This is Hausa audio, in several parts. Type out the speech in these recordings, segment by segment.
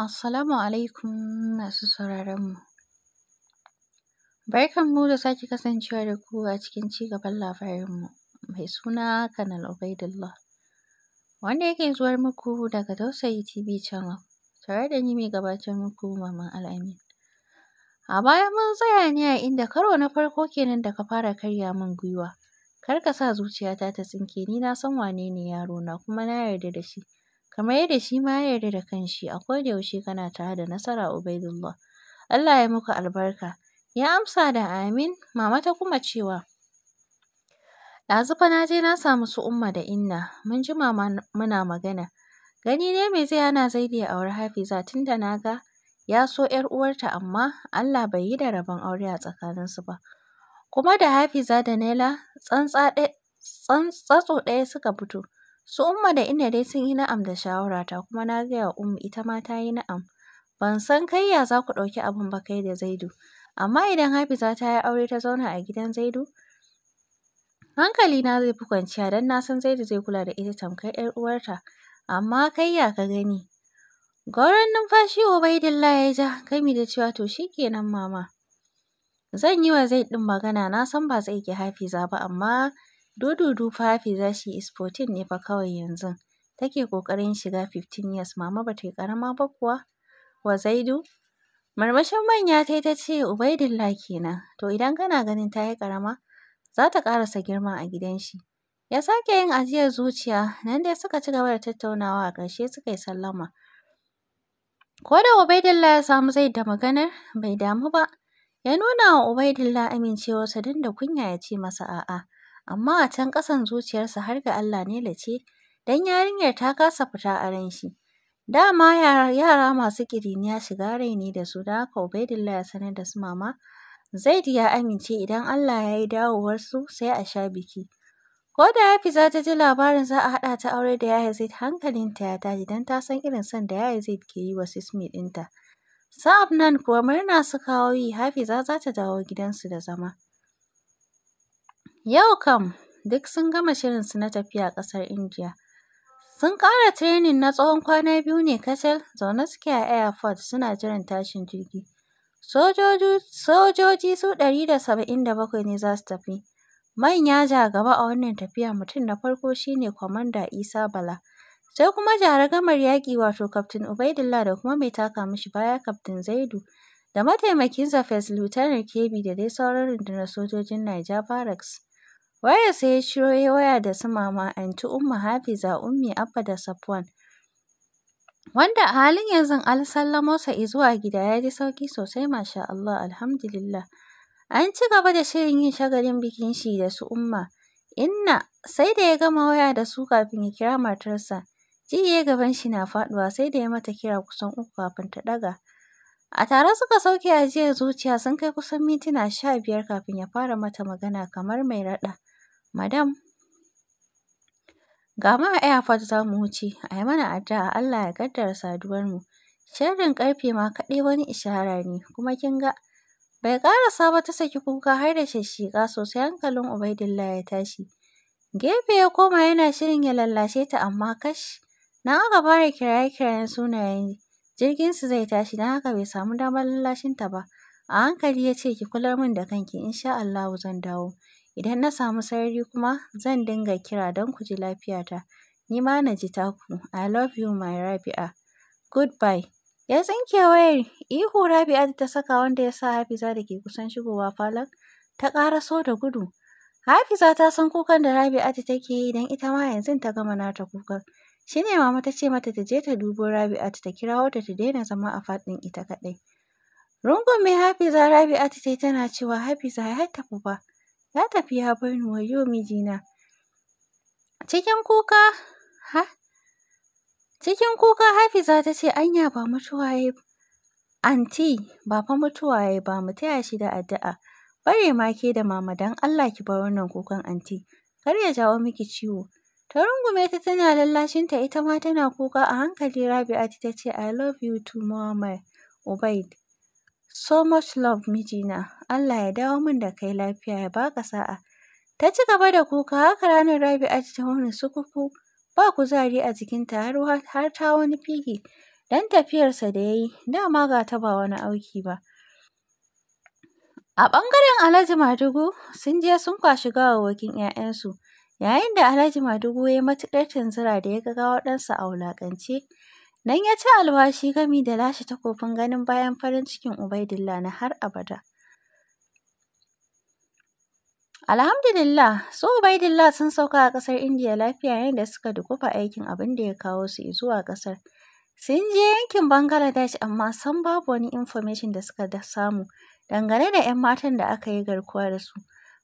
Assalamu alaikum masu sauraron mu. Barkan mu da sake kasancewa da ku a cikin cigaban labarin mu mai suna Kanal Ubaidullah. Wanda yake zuwar muku daga tausayi TV Channel tare da ni mai gabatar muku Maman Al'amin. A baya mun tsaya ne a inda karo na farko kenan da ka fara karya min gwiwa. Kar ka sa zuciyata ta tsinke ni na san wane ne yaro na kuma na yarda da shi. kamar yadda shi ma ya yarda da kanshi a yaushe kana tare da nasara UbaidulLah. Allah ya muku albarka. Ya amsa da amin, mama ta kuma cewa, ɗazu fa na je na samu su umma da inna, mun ji mama muna magana. Gani ne me zai hana Zaidi ya auri Hafiza tunda na ga ya so ‘yar uwarta amma Allah bai yi da rabon aure a tsakaninsu ba. Kuma da Hafiza da Naila tsantsa tsatso ɗaya suka fito. Su Umma da ina dai sun yi na'am da shawarata kuma na gaya wa Umma ita ma ta yi na'am. Ban san kai ya za ku ɗauki abin ba kai da Zaidu. Amma idan Hafiza ta yi aure ta zauna a gidan Zaidu, hankali na zai fi kwanciya don na san Zaidu zai kula da ita tamkar 'yar uwarta. Amma kai ya ka gani? Gauran numfashi Ubaidillah ya ja gami da cewa to shi kenan mama. Zan yi wa Zaid ɗin magana na san ba zai ki Hafiza ba amma Dududu fa za she ne fa kawai yanzu take ƙoƙarin shiga 15 years mama ba ta yi ƙarama ba kuwa, wa Zaidu? Murmushin manya ta yi ta ce Ubaidillah kenan, to idan kana ganin ta yi ƙarama, za ta ƙarasa girma a gidan shi. Ya sake yin ajiyar zuciya, nan dai suka ci gaba da tattaunawa a ƙarshe suka yi sallama. Ko da Ubaidillah ya samu zai da maganar, bai damu ba. Ya nuna wa Ubaidillah amincewarsa don da kunya ya ce masa a'a. amma a can ƙasan zuciyarsa har ga Allah Nela ce, don yarinyar ta kasa fita a ran shi. Dama yara masu ƙiriniya shiga rai ne da su, da haka Ubaidillah ya sanar da su mama. zaid ya amince idan Allah ya yi su sai a sha biki. Ko da Hafiza ta ji labarin za a haɗa ta aure da Yahya Zaid hankalinta ya tashi don ta san irin son da Yahya Zaid ke yi wa Sismi ɗinta. Sa'ab nan kuwa murna su kawo yi Hafiza za ta dawo gidansu da zama. Yau kam duk sun gama shirin su na tafiya ƙasar Indiya. Sun ƙara tirenin na tsawon kwana biyu ne kacal, zaune suke a airport suna jiran tashin jirgi. Sojoji su ɗari da saba'in da bakwai ne za su tafi. Manya ja gaba a wannan tafiya mutum na farko shi ne Kwamanda Isa Bala. Sai kuma gamar yaƙi wato Kaftin Ubaidillah da kuma mai taka mishi baya Kaftin Zaidu da mataimakinsa First Lieutenant Kebbi da dai sauran rundunar sojojin Niger Barracks. sai ya ciro ya waya da su Mama, anti Umma, Hafiza, Ummi, Abba da Safwan, wanda a halin yanzu al sallamo sa zuwa gida ya ji sauki sosai Masha Allah, Alhamdulillah. An ci gaba da shirin yin shagalin bikin shi da su Umma. Inna sai da ya gama waya da su kafin ya kira matarsa. ya gaban shi na faɗuwa sai da ya mata kira kusan uku kafin ta ɗaga. A tare suka sauke ajiyar zuciya sun kai kusan mintuna sha biyar kafin ya fara mata magana kamar mai raɗa. Madam, ga ma a airport za mu wuce. Ai mana addu'a Allah ya kaddara saduwar mu. Sharrin karfe ma kaɗai wani ishara ne, kuma kin ga bai ƙarasa ba ta saki kuka har da shashshiƙa sosai hankalin Ubaidillah ya tashi. Gefe ya koma yana shirin ya lallashe ta amma kash. Na aka fara kiraye-kirayen sunayen jirgin su zai tashi na haka bai samu damar lallashin ta ba. A hankali ya ce ki kular min da kanki in sha Allahu zan dawo. Idan na samu sarari kuma zan dinga kira don ku ji lafiyata. Ni ma na ji taku. I love you my Rabi'a. Goodbye. Ya tsinke wayar. Ihu Rabi'a da ta saka wanda ya sa Hafiza da ke kusan shigowa falon ta ƙaraso da gudu. Hafiza ta san kukan da Rabi'a take yi don ita ma yanzu ta gama nata kukan. Shi ne mama ta ce mata ta je ta dubo Rabi'a ta kirawo ta ta daina zama a faɗin ita kaɗai. Rungume Hafiza Rabi'a ta yi tana cewa Hafiza ya tafi ba. ya tafi ya bar ni wayyo mijina. Cikin kuka, ha? Cikin kuka Hafiza ta ce anya ba mutuwa ya anti ba fa mutuwa ya ba mu taya shi da addu'a. Bare ma ke da mama dan Allah ki bar wannan kukan anti. Kar ya jawo miki ciwo. Ta rungume ta tana lallashinta ita ma tana kuka a hankali Rabi'atu ta ce I love you too Muhammad Ubaid. So much love mijina, Allah ya dawo min da kai lafiya ya baka sa'a. Ta ci gaba da kuka haka ranar Rabi'a ta wani sukuku ba kuzari a jikin ta har har ta wani fige dan tafiyarsa da yayi dama ga ta ba wani auki ba. A ɓangaren Alhaji Madugu sun je sun kwashi gawawwakin 'ya'yansu yayin da Alhaji Madugu ya yi tunzura da ya ga gawar ɗansa a wulaƙance. Nan ya ci alwashi gami da lashe takofin ganin bayan farin cikin Ubaidillah na har abada. Alhamdulillah, su Ubaidillah sun sauka a ƙasar Indiya lafiya yayin da suka dukufa aikin abin da ya kawo su zuwa ƙasar. Sun je yankin Bangladesh amma san babu wani information da suka da samu dangane da ‘yan matan da aka yi garkuwa da su.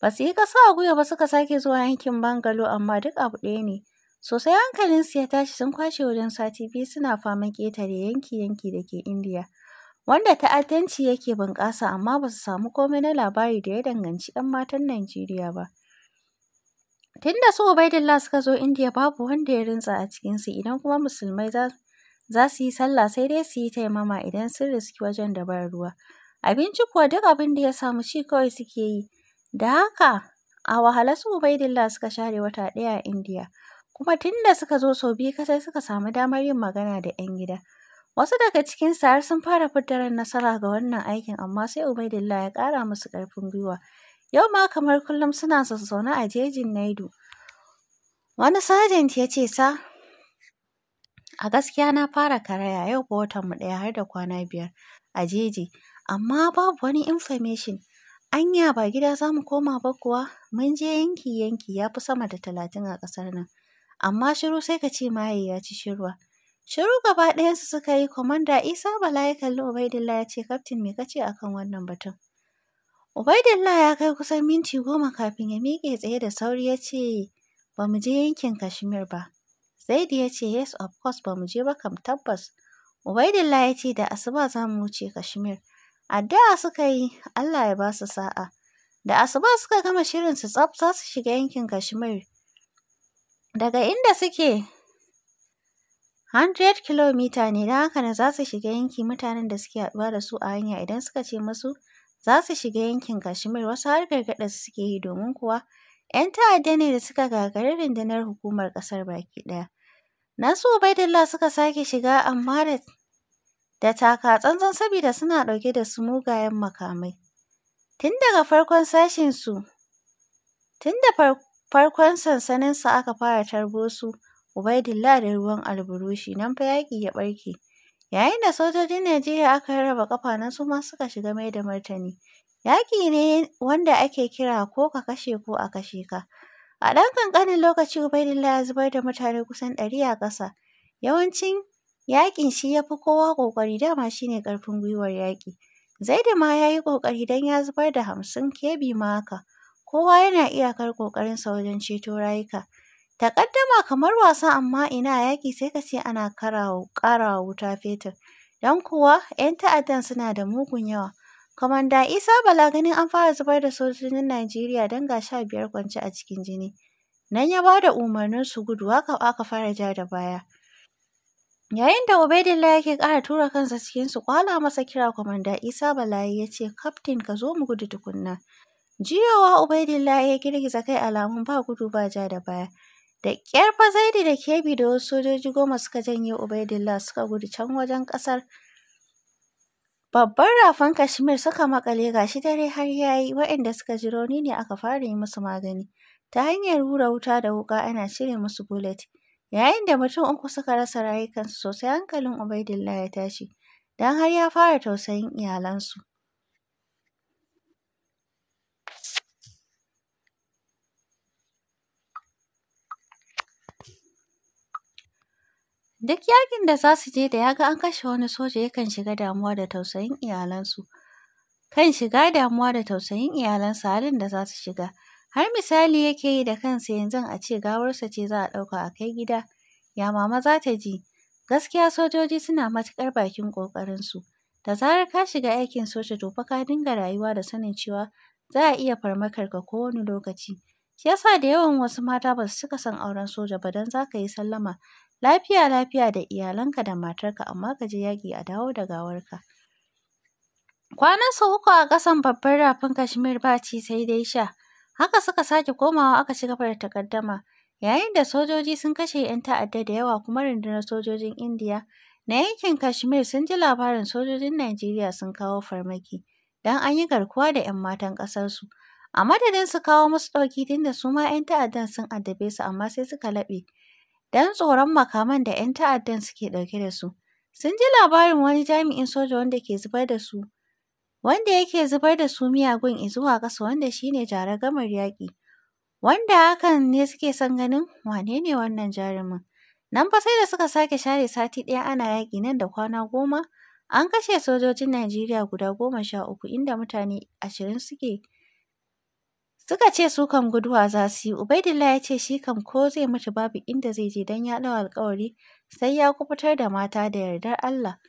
Ba su yi ƙasa a guya ba suka sake zuwa yankin Bangalo amma duk abu ɗaya ne. Sosai hankalinsu ya tashi sun kwashe wurin sati biyu suna fama ƙetare yanki-yanki da ke Indiya, wanda ta'addanci yake bunƙasa amma ba su samu komai na labari da ya danganci 'yan matan Najeriya ba. Tun da su Ubaidillah suka zo Indiya babu wanda ya rintsa a cikinsu idan kuma musulmai za su yi sallah sai dai su yi taimama idan sun riski wajen da ba ruwa. Abinci kuwa duk abin da ya samu shi kawai suke yi. Da haka a wahala, su Ubaidillah suka share wata ɗaya a Indiya. kuma tun da suka zo sau biyu kasai suka samu damar yin magana da 'yan gida. Wasu daga cikin har sun fara fitar nasara ga wannan aikin amma sai Ubaidillah ya ƙara musu ƙarfin gwiwa. Yau ma kamar kullum suna zazzaune a jejin Naidu. Wani sajent ya ce sa, a gaskiya na fara karaya yau ko watan mu ɗaya har da kwana biyar a jeji, amma babu wani information. Anya ba gida za mu koma ba kuwa? Mun je yanki yanki ya fi sama da talatin a ƙasar nan. amma shiru sai ka ce maye ya ci shirwa. Shiru gaba ɗayansu suka yi kwamanda Isa Bala ya kalli Ubaidillah ya ce kaftin me kace akan wannan batun. Ubaidillah ya kai kusan minti goma kafin ya miƙe tsaye da sauri ya ce ba mu je yankin Kashmir ba. Zaidi ya ce yes of course ba mu je ba kam tabbas. Ubaidillah ya ce da asuba za mu wuce Kashmir. Addu'a suka yi Allah ya ba su sa'a. Da asuba suka gama shirin su tsaf za su shiga yankin Kashmir. daga inda suke hundred kilomita ne don haka da za su shiga yanki mutanen da suke haɗuwa da su a hanya idan suka ce masu za su shiga yankin Kashmir wasu har gargaɗa su suke yi domin kuwa 'yan ta'adda ne da suka gagari rundunar hukumar ƙasar baki ɗaya. Nasu Ubaidillah suka sake shiga amma da da taka tsantsan saboda suna ɗauke da su mugayen makamai. Tun daga farkon sashen su. tun da Farkon sansaninsa aka fara tarbo su Ubaidillah da ruwan alburushi, nan fa yaƙi ya ɓarke, yayin da sojojin Najeriya aka rarraba ƙafa nan su ma suka shiga mai da martani. Yaƙi ne wanda ake kira ko ka kashe ko a kashe ka. A ɗan ƙanƙanin lokaci Ubaidillah ya zubar da mutane kusan ɗari a ƙasa, yawancin yaƙin shi ya fi kowa ƙoƙari dama shi ne ƙarfin gwiwar yaƙi. Zaidu ma ya yi ƙoƙari don ya zubar da hamsin, kebi ma haka. kowa yana iyakar ƙoƙarinsa wajen ceto rayuka. Taƙaddama kamar wasa amma ina yaƙi sai ka ce ana ƙarawa wuta fetur, don kuwa 'yan ta'addan suna da mugun yawa. Kwamanda Isa Bala ganin an fara zubar da sojojin Najeriya don ga sha biyar kwance a cikin jini, nan ya ba da umarnin su gudu haka aka fara ja da baya. Yayin da Ubaidillah yake ƙara tura kansa cikin su kwala masa kira Kwamanda Isa Bala ya ya ce, Kaftin ka zo mu gudu tukunna. Jiyowa Ubaidillahi ya girgiza kai alamun ba gudu ba ja da baya. Da ƙyar Fazaidi da Kebi da wasu sojoji goma suka janye Ubaidillah suka gudu can wajen ƙasar. Babban rafan Kashmir suka maƙale gashi dare har yayi yi waɗanda suka ji rauni ne aka fara yi musu magani ta hanyar hura wuta da wuka ana cire musu bullet. Yayin da mutum uku suka rasa rayukansu sosai hankalin Ubaidillah ya tashi dan har ya fara tausayin iyalansu. Duk yakin da za su je da ya ga an kashe wani soja yakan shiga damuwa da tausayin iyalansu. Kan shiga damuwa da tausayin iyalansa halin da za su shiga. Har misali yake yi da kansa yanzu a ce gawarsa ce za a ɗauka a kai gida. Ya mama za ta ji. Gaskiya sojoji suna matuƙar bakin ƙoƙarinsu. Da zarar ka shiga aikin soja to fa ka dinga rayuwa da sanin cewa za a iya farmakar ka kowane lokaci. Shi yasa da yawan wasu mata ba su cika son auren soja ba don za ka yi sallama lafiya lafiya da iyalanka da matarka amma ka je yaƙi a dawo da gawarka. su uku a ƙasan babban rafin Kashmir ba ci sai dai sha. Haka suka sake komawa aka ci gaba da takaddama. Yayin da sojoji sun kashe 'yan ta'adda da yawa kuma rundunar sojojin Indiya na yankin Kashmir sun ji labarin sojojin Najeriya sun kawo farmaki don an yi garkuwa da 'yan matan ƙasarsu. A madadin su kawo musu ɗauki tunda su ma 'yan ta'addan sun addabe su amma sai suka laɓe. don tsoron makaman da 'yan ta'addan suke ɗauke da su. Sun ji labarin wani jami'in soja wanda ke zubar da su wanda yake zubar da su miyagun izuwa ƙasa wanda shi ne gamar yaƙi. Wanda hakan ne suke son ganin wane ne wannan jarumin. Nan fa sai da suka sake share sati ɗaya ana yaƙi nan da kwana goma an kashe sojojin Najeriya guda goma sha uku inda mutane ashirin suke Suka ce su kan guduwa za su yi, Ubaidillah ya ce shi kan ko zai mutu babu inda zai je don ya ɗau alƙawari sai ya kubutar da mata da yardar Allah.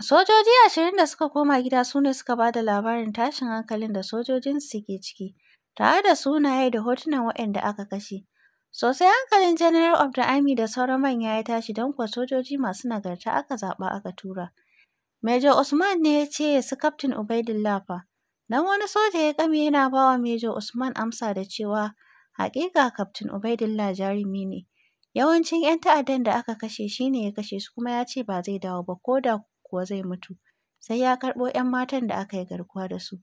Sojoji ashirin da suka koma gida su ne suka ba da labarin tashin hankalin da sojojin su ke ciki, tare da sunaye da hotunan waɗanda aka kashe. Sosai hankalin General of the Army da sauran manya ya tashi don kuwa sojoji masu nagarta aka zaɓa aka tura. Major Usman ne ya ce su Captain Ubaidillah fa. Dan wani soja ya kame yana ba wa Major Usman amsa da cewa haƙiƙa Kaftin Ubaidillah jarumi ne. Yawancin 'yan ta'addan da aka kashe shi ne ya kashe su kuma ya ce ba zai dawo ba ko da kuwa zai mutu. Sai ya karɓo 'yan matan da aka yi garkuwa da su.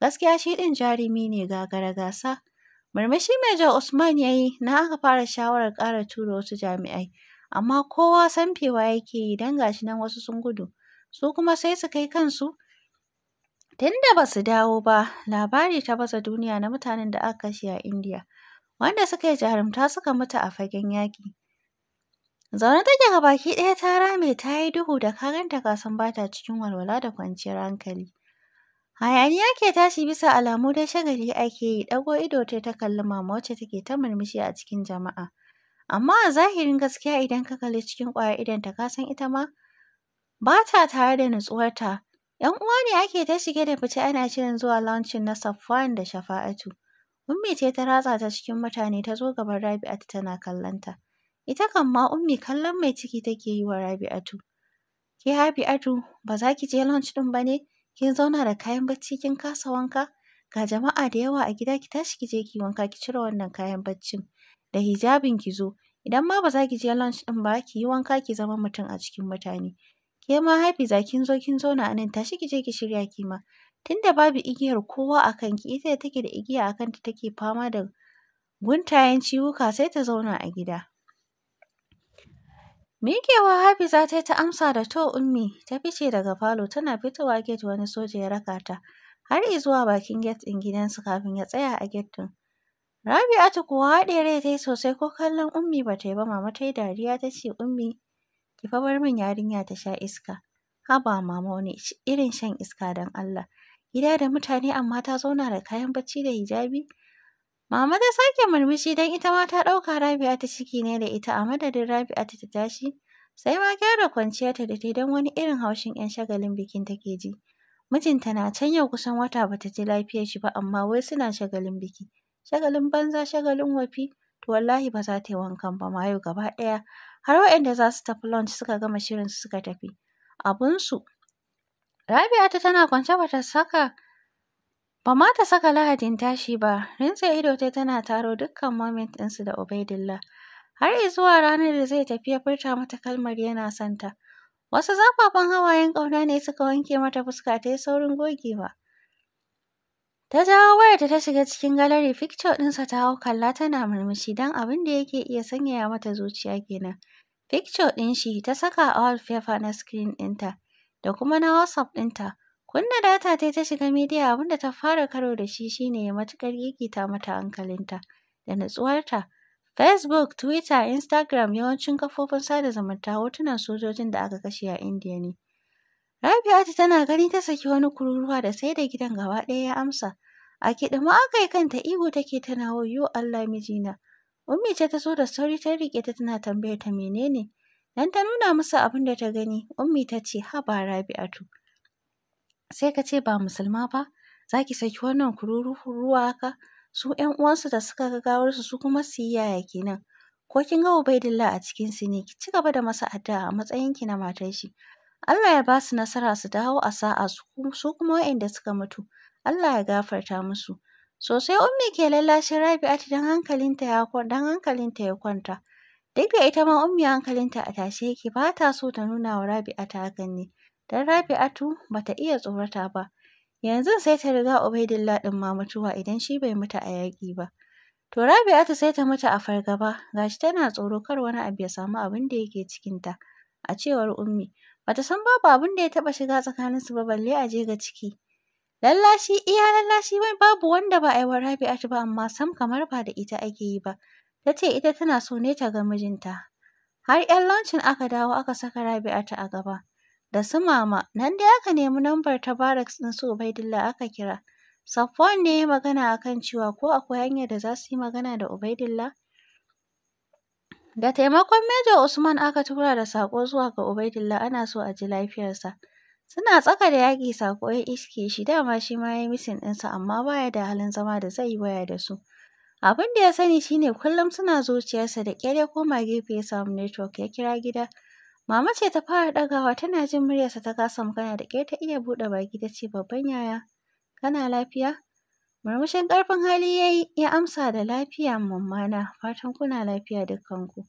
Gaskiya shi ɗin jarumi ne ga gagara gasa. Murmushi Major Usman ya yi na aka fara shawarar ƙara tura wasu jami'ai. Amma kowa sanfewa yake yi don ga nan wasu sun gudu. Su kuma sai su kai kansu Tun da ba su dawo ba, labari ta baza duniya na mutanen da aka kashe a Indiya, wanda suka yi jarumta suka mutu a fagen yaƙi. Zaune ta ga baki ɗaya ta rame ta yi duhu da karanta kasan ba ta cikin walwala da kwanciyar hankali. Hayaniya ke tashi bisa alamu dai shagali ake yi, ɗago ido ta ta kalli mama wacce take ta murmushi a cikin jama'a. Amma a zahirin gaskiya idan ka kalli cikin ƙwayar idon ka san ita ma ba ta tare da nutsuwarta. ‘Yan uwa ne ake ta shige da fice ana shirin zuwa launching na Safwan da Shafa'atu. Ummi ce ta ratsa ta cikin mutane ta zo gaban Rabi'atu tana kallonta. Ita kam ma Ummi kallon mai ciki take yi wa Rabi'atu. Ke Rabi'atu ba za ki je launch ɗin ba ne? Kin zauna da kayan bacci kin kasa wanka? Ga jama'a da yawa a gida ki tashi ki je ki wanka ki cire wannan kayan baccin. Da hijabin ki zo. Idan ma ba za ki je launch ɗin ba ki yi wanka ki zama mutum a cikin mutane. Ke ma Hafiza kin zo kin zauna a nan tashi ki je ki shirya ki ma. Tunda babu igiyar kowa a kanki ita da take da igiya a kanta take fama da guntayen ciwuka sai ta zauna a gida. Miƙewa Hafiza ta yi ta amsa da to ummi ta fice daga falo tana fitowa gate wani soja ya raka ta har zuwa bakin gate ɗin gidansu kafin ya tsaya a gate din. Rabi'atu kuwa haɗe rai ta yi sosai ko kallon ummi ba ta yi ba mama ta yi dariya ta ce ummi Ki fa bar min yarinya ta sha iska. Haba mama wani irin shan iska don Allah. Gida da mutane amma ta zauna da kayan bacci da hijabi. Mama ta sake murmushi don ita ma ta ɗauka Rabi'a ta ciki ne da ita a madadin Rabi'a ta tashi. Sai ma gyara kwanciyarta da ta don wani irin haushin 'yan shagalin bikin take ji. Mijinta na can yau kusan wata bata ji lafiyar shi ba amma wai suna shagalin biki. Shagalin banza shagalin wafi. to wallahi ba za ta yi wankan ba ma yau gaba ɗaya. Har waɗanda za su tafi lunch suka gama shirin su suka tafi abunsu. Rabia ta tana kwance ba ta saka ba ma ta saka lahadin tashi ba, rintsa ido ta tana taro dukkan moment ɗinsu da Ubaidillah. Har zuwa ranar da zai tafi ya furta mata kalmar yana santa Wasu zafafan hawayen ƙauna ne suka wanke mata fuska ta yi saurin gogewa. Ta jawo wayarta ta shiga cikin gallery picture ɗinsa ta hau kalla tana murmushi don abin da yake iya sanyaya mata zuciya kenan. Picture ɗin shi ta saka a wallpaper na screen ɗinta da kuma na WhatsApp ɗinta. Kunna data tai ta shiga media abinda ta fara karo da shi shine ya matuƙar gigita mata hankalinta da natsuwarta. Facebook, Twitter, Instagram yawancin kafofin sada zumunta hotunan sojojin da aka kashe a Indiya ne. Rabi'atu tana gani ta saki wani kururuwa da sai da gidan gaba ɗaya ya amsa. A ma aka yi kanta ihu take tana wayo Allah mijina. Ummi ce ta so da sauri ta riƙe ta tana tambayar ta menene. Dan ta nuna musu abin da ta gani. Ummi ta ce haba Rabi'atu. Sai ka ce ba musulma ba za ki saki wannan kururuwa haka. Su ƴan uwansu da suka ga gawarsu su kuma su yi yaya kenan. Ko kin ga Ubaidillah a cikinsu ne ki ci gaba da masa addu'a a matsayinki na matar shi. Allah ya ba su nasara su dawo a sa'a su kuma waɗanda suka mutu Allah ya gafarta musu. Sosai Ummi ke lallashin Rabi'atu don hankalinta ya kwanta. Duk da ita ma Ummi hankalinta a tashe yake ba ta so ta nuna wa Rabi'atu hakan ne. Don Rabi'atu ba ta iya tsorata ba. Yanzu sai ta riga Ubaidillah ɗin ma mutuwa idan shi bai mutu a yaƙi ba. To Rabi'atu sai ta mutu a fargaba, gashi tana tsoro kar wani abu ya samu abin da yake cikinta, a cewar Ummi. Bata san babu abin da ya taɓa shiga tsakaninsu ba balle a je ga ciki. Lallashi iya lallashi wai babu wanda ba a yi wa Rabi'atu ba amma sam kamar ba da ita ake yi ba. Ta ce ita tana so ne ta ga mijinta. Har 'yan launcin aka dawo aka saka Rabi'atu a gaba. Da su mama nan dai aka nemi nambar ta barak ɗin su Ubaidillah aka kira. Safwan ne magana akan cewa ko akwai hanyar da za su yi magana da Ubaidillah. Da taimakon Major Usman aka tura da sako zuwa ga Ubaidillah ana so a ji lafiyarsa. Suna tsaka da yaƙi sako ya iske shi dama shi ma ya yi misin ɗinsa amma baya da halin zama da zai yi waya da su. Abin da ya sani shi ne kullum suna zuciyarsa da ƙyar ya koma gefe ya samu network ya kira gida. Mama ce ta fara ɗagawa tana jin muryarsa ta kasa magana da ƙyar ta iya buɗe baki ta ce babban yaya kana lafiya? Murmushin ƙarfin hali ya yi, ya amsa da lafiya mammana, fatan kuna lafiya dukkanku.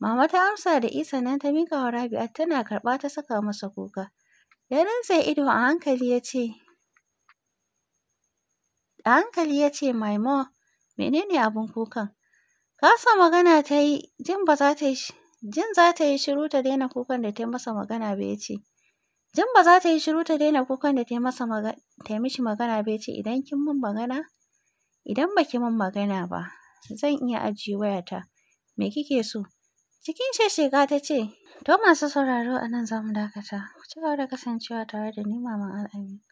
Mama ta amsa da isa nan ta miƙa wa Rabi'at tana karɓa ta saka masa kuka. Ya sai ido a hankali ya ce, a hankali ya ce Maimo, menene abin kukan? Kasa magana ta yi, jin ba za ta yi, shiru ta daina kukan da ta masa magana ba ya ce, jan ba za ta yi shiru ta daina kukan da ta yi mishi magana bai ce idan kin min magana, idan ba min magana ba, zan iya ajiye wayata. Me kike so? Cikin shesheka ta ce, to masu sauraro a nan za mu dakata. Ku ci gaba da kasancewa tare da ni Maman Al'amin.